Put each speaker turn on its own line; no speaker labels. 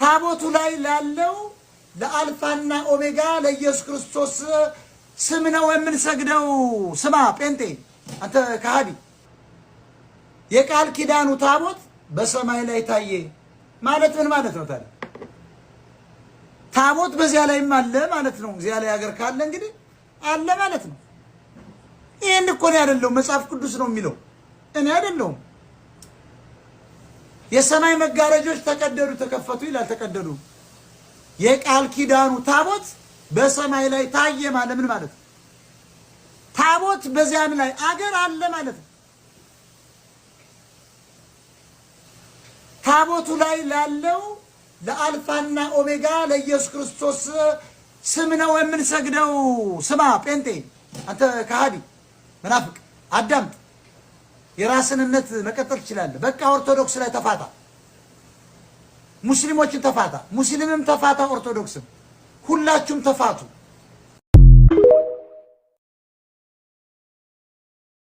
ታቦቱ ላይ ላለው ለአልፋና ኦሜጋ ለኢየሱስ ክርስቶስ ስም ነው የምንሰግደው። ስማ ጴንጤ፣ አንተ ከሃዲ፣ የቃል ኪዳኑ ታቦት በሰማይ ላይ ታየ ማለት ምን ማለት ነው ታዲያ? ታቦት በዚያ ላይም አለ ማለት ነው። እዚያ ላይ ሀገር ካለ እንግዲህ አለ ማለት ነው። ይህን እኮ ነው ያደለው መጽሐፍ ቅዱስ ነው የሚለው እኔ አይደለሁም። የሰማይ መጋረጆች ተቀደዱ ተከፈቱ ይላል። ተቀደዱ የቃል ኪዳኑ ታቦት በሰማይ ላይ ታየ ማለት ምን ማለት ነው? ታቦት በዚያም ላይ አገር አለ ማለት ነው። ታቦቱ ላይ ላለው ለአልፋና ኦሜጋ ለኢየሱስ ክርስቶስ ስም ነው የምንሰግደው። ስማ ጴንጤ፣ አንተ ከሃዲ መናፍቅ አዳምጥ። የራስንነት መቀጠል ትችላለህ። በቃ ኦርቶዶክስ ላይ ተፋታ፣ ሙስሊሞችን ተፋታ፣ ሙስሊምም ተፋታ፣ ኦርቶዶክስም ሁላችሁም ተፋቱ።